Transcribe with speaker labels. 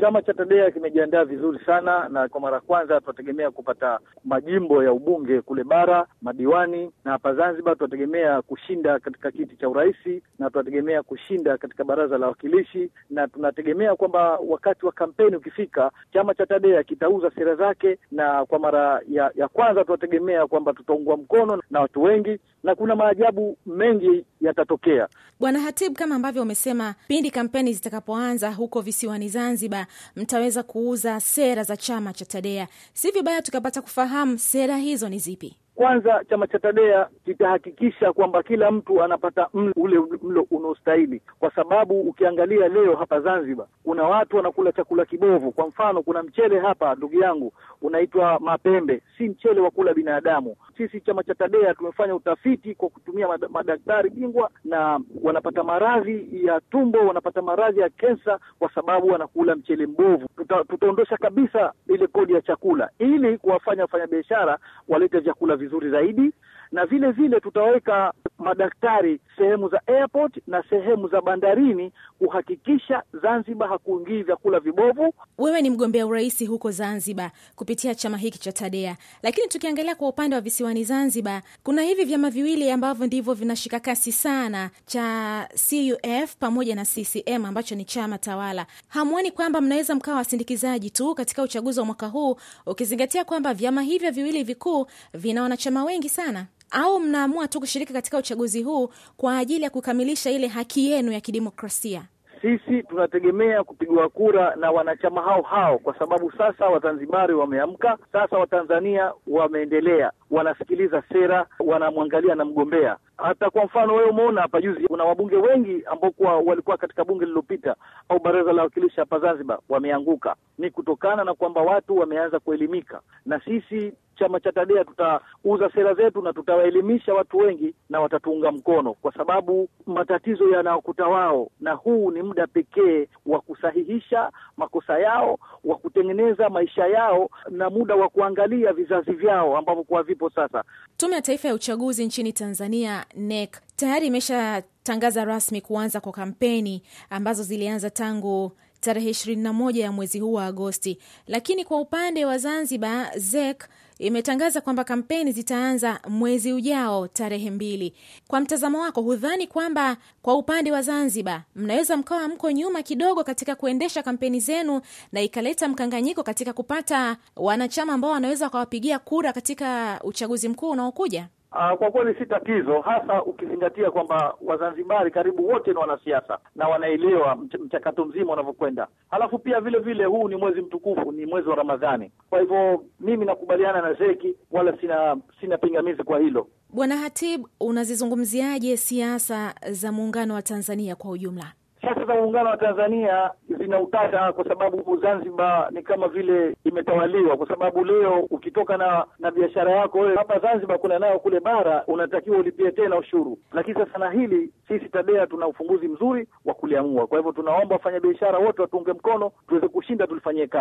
Speaker 1: Chama cha Tadea kimejiandaa vizuri sana, na kwa mara ya kwanza tunategemea kupata majimbo ya ubunge kule bara, madiwani, na hapa Zanzibar tunategemea kushinda katika kiti cha urais na tunategemea kushinda katika baraza la wawakilishi, na tunategemea kwamba wakati wa kampeni ukifika, chama cha Tadea kitauza sera zake, na kwa mara ya, ya kwanza tunategemea kwamba tutaungwa mkono na watu wengi, na kuna maajabu mengi yatatokea.
Speaker 2: Bwana Hatibu, kama ambavyo umesema, pindi kampeni zitakapoanza huko visiwani Zanzibar kwamba mtaweza kuuza sera za chama cha Tadea. Si vibaya tukapata kufahamu sera hizo ni zipi.
Speaker 1: Kwanza chama cha Tadea kitahakikisha kwamba kila mtu anapata mlo ule mlo unaostahili, kwa sababu ukiangalia leo hapa Zanzibar kuna watu wanakula chakula kibovu. Kwa mfano, kuna mchele hapa, ndugu yangu, unaitwa mapembe, si mchele wa kula binadamu. Sisi chama cha Tadea tumefanya utafiti kwa kutumia madaktari bingwa, na wanapata maradhi ya tumbo, wanapata maradhi ya kensa kwa sababu wanakula mchele mbovu. Tuta, tutaondosha kabisa ile kodi ya chakula ili kuwafanya wafanyabiashara walete vyakula vizuri vizuri zaidi, na vile vile tutaweka madaktari sehemu za airport na sehemu za bandarini kuhakikisha Zanzibar hakuingii vyakula vibovu.
Speaker 2: Wewe ni mgombea urais huko Zanzibar kupitia chama hiki cha Tadea, lakini tukiangalia kwa upande wa visiwani Zanzibar, kuna hivi vyama viwili ambavyo ndivyo vinashika kasi sana cha CUF pamoja na CCM ambacho ni chama tawala. Hamwoni kwamba mnaweza mkawa wasindikizaji tu katika uchaguzi wa mwaka huu, ukizingatia kwamba vyama hivyo viwili vikuu vina wanachama wengi sana? au mnaamua tu kushiriki katika uchaguzi huu kwa ajili ya kukamilisha ile haki yenu ya kidemokrasia?
Speaker 1: Sisi tunategemea kupigwa kura na wanachama hao hao, kwa sababu sasa Wazanzibari wameamka, sasa Watanzania wameendelea, wanasikiliza sera, wanamwangalia na mgombea. Hata kwa mfano wewe umeona hapa juzi, kuna wabunge wengi ambao kuwa walikuwa katika bunge lililopita au baraza la wakilishi hapa Zanzibar wameanguka. Ni kutokana na kwamba watu wameanza kuelimika, na sisi chama cha Tadea tutauza sera zetu na tutawaelimisha watu wengi na watatuunga mkono, kwa sababu matatizo yanaokuta wao, na huu ni muda pekee wa kusahihisha makosa yao, wa kutengeneza maisha yao, na muda wa kuangalia vizazi vyao ambavyo kwa vipo sasa.
Speaker 2: Tume ya Taifa ya Uchaguzi nchini Tanzania NEC tayari imeshatangaza rasmi kuanza kwa kampeni ambazo zilianza tangu tarehe 21 ya mwezi huu wa Agosti. Lakini kwa upande wa Zanzibar, ZEK imetangaza kwamba kampeni zitaanza mwezi ujao tarehe mbili. Kwa mtazamo wako, hudhani kwamba kwa upande wa Zanzibar mnaweza mkawa mko nyuma kidogo katika kuendesha kampeni zenu na ikaleta mkanganyiko katika kupata wanachama ambao wanaweza wakawapigia kura katika uchaguzi mkuu unaokuja?
Speaker 1: Uh, kwa kweli si tatizo, hasa ukizingatia kwamba Wazanzibari karibu wote ni wanasiasa na wanaelewa mchakato mzima unavyokwenda. Halafu pia vile vile huu ni mwezi mtukufu, ni mwezi wa Ramadhani. Kwa hivyo mimi nakubaliana na Zeki, wala sina sina pingamizi kwa hilo.
Speaker 2: Bwana Hatib, unazizungumziaje siasa za muungano wa Tanzania kwa ujumla?
Speaker 1: Siasa za muungano wa Tanzania utata kwa sababu Zanzibar ni kama vile imetawaliwa, kwa sababu leo ukitoka na na biashara yako wewe hapa Zanzibar kuna nayo kule bara, unatakiwa ulipie tena ushuru. Lakini sasa na hili sisi TADEA tuna ufunguzi mzuri wa kuliamua. Kwa hivyo tunaomba wafanyabiashara wote watuunge mkono tuweze kushinda, tulifanyie kazi.